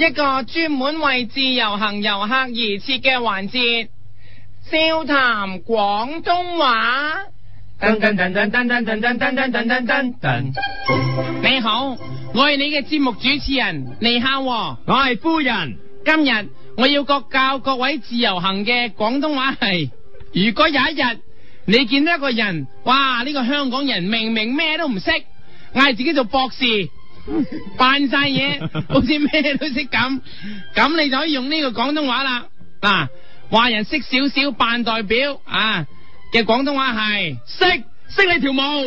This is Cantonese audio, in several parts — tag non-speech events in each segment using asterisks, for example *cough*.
一個專門為自由行遊客而設嘅環節，笑談廣東話。噔噔噔噔噔噔噔噔噔噔噔噔噔。你好，我係你嘅節目主持人李孝。我係夫人。今日我要各教各位自由行嘅廣東話係。如果有一日你見到一個人，哇！呢個香港人明明咩都唔識，嗌自己做博士。扮晒嘢，好似咩都識咁，咁你就可以用呢個廣東話啦。嗱、啊，話人識少少扮代表啊嘅廣東話係識識你條毛，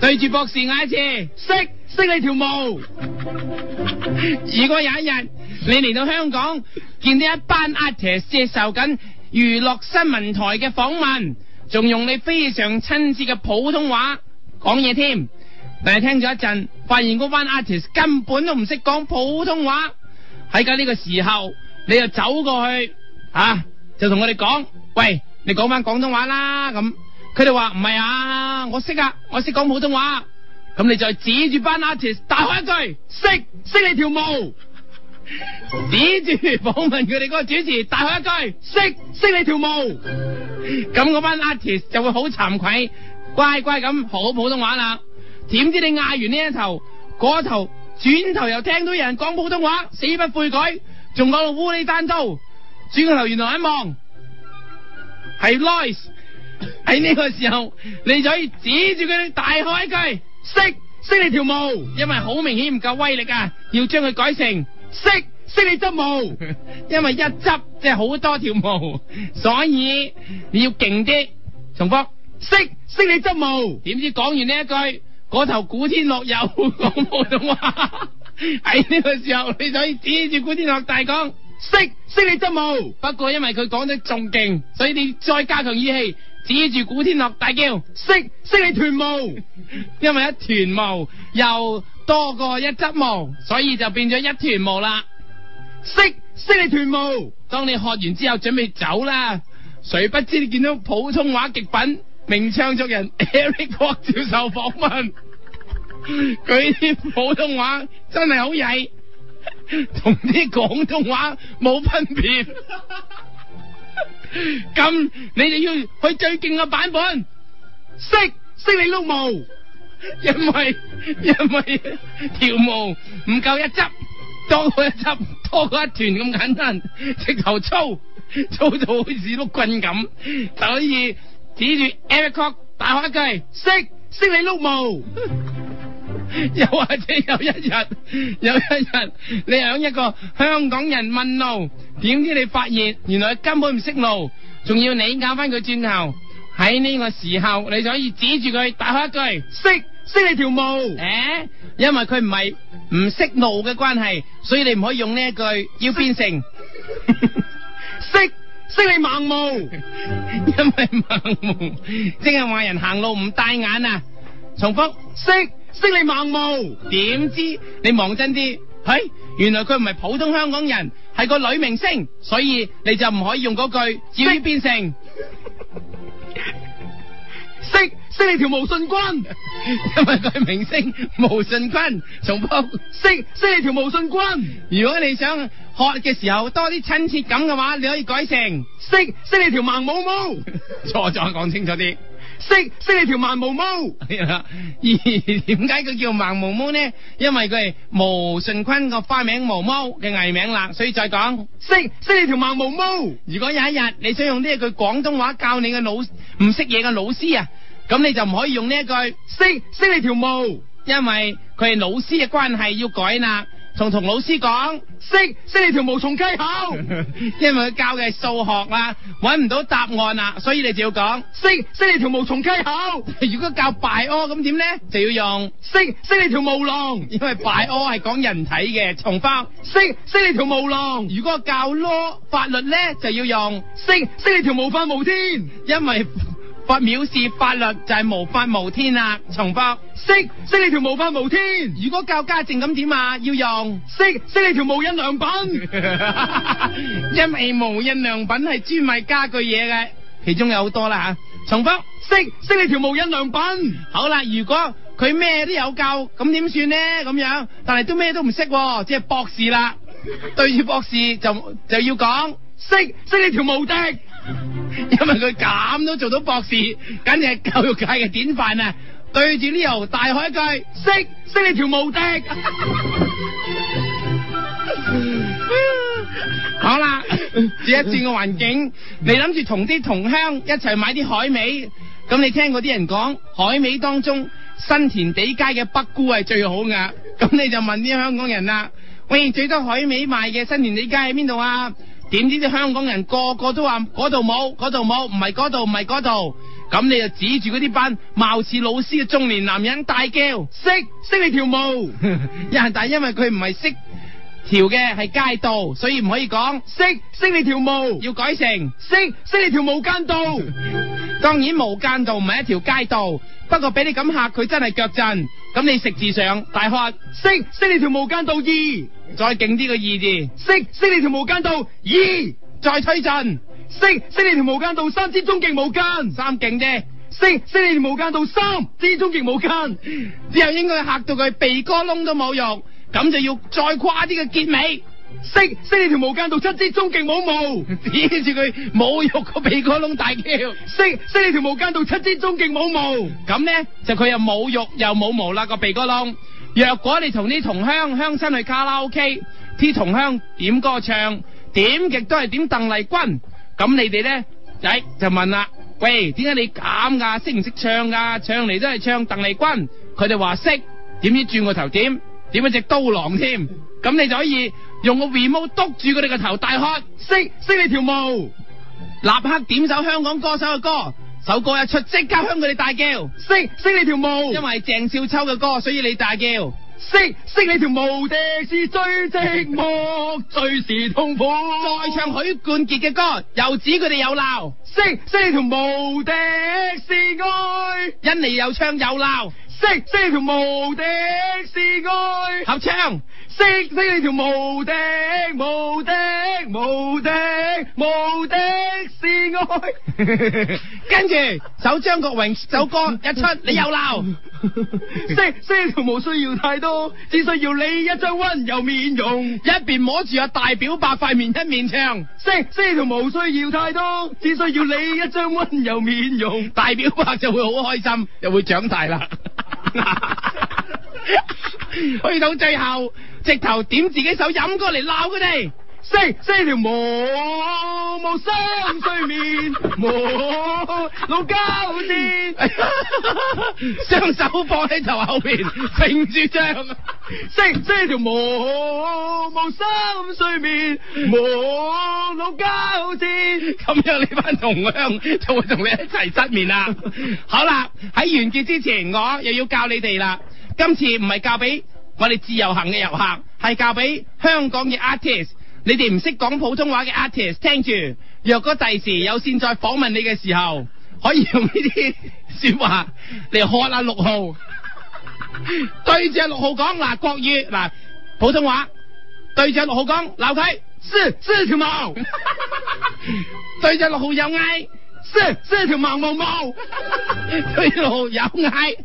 對住博士嗌一次，識識你條毛。 *laughs* 如果有一日你嚟到香港，見到一班阿姐接受緊娛樂新聞台嘅訪問，仲用你非常親切嘅普通話講嘢添，但係聽咗一陣，發現嗰班 artist 根本都唔識講普通話，喺咁呢個時候，你就走過去，嚇、啊、就同佢哋講：，喂，你講翻廣東話啦！咁，佢哋話唔係啊，我識啊，我識講、啊、普通話。咁你再指住班 artist 大喊一句：，識識你條毛！指住訪問佢哋嗰個主持大喊一句：，識識你條毛！咁嗰班 artist 就會好慚愧，乖乖咁學好普通話啦。點知你嗌完呢一頭，嗰一頭轉頭又聽到有人講普通話，死不悔改，仲講到烏里單刀，轉個頭原來一望係 Nice 喺呢個時候，你就可以指住佢大喊一句：，識識你條毛，因為好明顯唔夠威力啊！要將佢改成識識你執毛， *laughs* 因為一執即係好多條毛，所以你要勁啲。重複：識識你執毛。點知講完呢一句？嗰頭古天樂有講普通話，喺呢 *laughs* 個時候，你就可以指住古天樂大講，識識你執毛。不過因為佢講得仲勁，所以你再加強語氣，指住古天樂大叫，識識你團毛。 *laughs* 因為一團毛又多過一執毛，所以就變咗一團毛啦。識識你團毛。當你學完之後準備走啦，誰不知你見到普通話極品。名唱作人 Eric Kwok 接受訪問，佢啲普通話真係好曳，同啲廣東話冇分別。咁你哋要去最勁嘅版本，識識你碌毛，因為因為條毛唔夠一執，當佢一執多過一團咁簡單，直頭粗粗到好似碌棍咁，所以。指住 Eric 大開一句，識識你碌毛。 *laughs* 又或者有一日，有一日你響一個香港人問路，點知你發現原來根本唔識路，仲要你教翻佢轉頭。喺呢個時候，你就可以指住佢大開一句，識識你條毛。誒、欸，因為佢唔係唔識路嘅關係，所以你唔可以用呢一句，要變成識。 *laughs* 識識你盲毛，因為盲毛，即係話人行路唔帶眼啊！重複，識識你盲毛。點知你望真啲，係原來佢唔係普通香港人，係個女明星，所以你就唔可以用嗰句，要變成識識你條無信君，因為佢係明星無信君。重複，識識你條無信君。如果你想。學嘅時候多啲親切感嘅話，你可以改成識識你條盲毛毛，錯咗，講清楚啲，識識你條盲毛毛。咦，點解佢叫盲毛毛呢？因為佢係毛舜筠個花名毛毛嘅藝名啦，所以再講識識你條盲毛毛。 *laughs* 如果有一日你想用呢一句廣東話教你嘅老唔識嘢嘅老師啊，咁你就唔可以用呢一句識識你條毛， *laughs* 因為佢係老師嘅關係要改啦。同同老師講，識識你條無從稽考，因為佢教嘅係數學啦，揾唔到答案啦，所以你就要講，識識你條無從稽考。 *laughs* 如果教拜厄咁點咧，就要用，識識你條毛囊，因為拜厄係講人體嘅，重化，識識你條毛囊。如果教 law 法律咧，就要用，識識你條無法無天，因為。法藐視法律就係無法無天啦！重複，識識你條無法無天。如果教家政咁點啊？要用，識識你條無印良品。 *laughs* 因為無印良品係專賣家具嘢嘅，其中有好多啦吓。重複，識識你條無印良品。好啦，如果佢咩都有教，咁點算呢？咁樣，但係都咩都唔識，即係博士啦。 *laughs* 對住博士就就要講， *laughs* 識識你條無敵。因為佢咁都做到博士，簡直係教育界嘅典範啊！對住呢條大海句，識識，識你條無敵。 *laughs* *laughs* 好啦，轉一轉嘅環境，你諗住同啲同鄉一齊買啲海味，咁你聽嗰啲人講，海味當中新田地街嘅北菇係最好噶，咁你就問啲香港人啦。喂，最多海味賣嘅新田地街喺邊度啊？.點知啲香港人個個都話嗰度冇，嗰度冇，唔係嗰度，唔係嗰度。咁你就指住嗰啲班，貌似老師嘅中年男人大叫：識識你條毛！ *laughs* 但係因為佢唔係識條嘅，係街道，所以唔可以講識識你條毛。要改成識識你條無間道。 *laughs* 當然無間道唔係一條街道，不過俾你咁吓佢真係腳震。咁你食字上大喝：識識你條無間道二！再勁啲個二字，識識你條毛間道二，再推陣，識識你條毛間道三支中勁毛間，三勁啫，識識你條毛間道三支中勁毛間，之後應該吓到佢鼻哥窿都冇肉，咁就要再誇啲嘅結尾，識識你條毛間道七支中勁冇毛，指住佢冇肉個鼻哥窿大叫，識識你條毛間道七支中勁冇毛，咁呢，就佢又冇肉又冇毛啦個鼻哥窿。若果你同啲同鄉鄉親去卡拉 OK，啲同鄉點歌唱，點極都係點鄧麗君，咁你哋呢？仔、哎、就問啦，喂，點解你咁噶、啊？識唔識唱噶、啊？唱嚟都係唱鄧麗君，佢哋話識，點知轉個頭點？點一隻刀郎添？咁你就可以用個 remote 督住佢哋個頭，大喝，識，識你條毛，立刻點首香港歌手嘅歌。首歌一出，即刻向佢哋大叫：識識你條毛！因為鄭少秋嘅歌，所以你大叫：識識你條毛！敵是最寂寞， *laughs* 最是痛苦。再唱許冠傑嘅歌，又指佢哋又鬧：識識你條毛！敵是愛。欣妮又唱又鬧：識識你條毛！敵是愛。合唱。識識你條無敵無敵無敵無敵是愛， *laughs* 跟住首張國榮首歌一出你又鬧，識識條無需要太多，只需要你一張温柔面容，一邊摸住阿大表白塊面一面唱，識識條無需要太多，只需要你一張温柔面容，大表白就會好開心，又會長大啦， *laughs* *laughs* 去到最後。直頭點自己手飲過嚟鬧佢哋，識識條毛毛心睡面毛老交戰，雙手放喺頭後面，平住張，識識條毛毛心睡面毛老交戰，咁樣你班同鄉就會同你一齊失眠啦。好啦，喺完結之前，我又要教你哋啦，今次唔係教俾。我哋自由行嘅遊客，係教俾香港嘅 artist，你哋唔識講普通話嘅 artist，聽住。若果第時有線在訪問你嘅時候，可以用呢啲說話嚟喝下六號。 *laughs* 對住六號講嗱、啊、國語嗱、啊、普通話，對住六號講，鬧佢梳梳條毛。 *laughs* 對住六號有嗌梳梳條毛毛毛， *laughs* 對六號有嗌。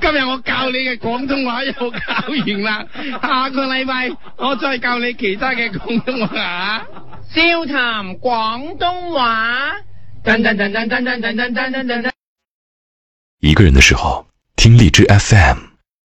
今日我教你嘅廣東話又搞完啦，下個禮拜我再教你其他嘅廣東話。笑談廣東話，噔噔噔噔噔噔噔噔，一個人嘅時候，聽荔枝 FM。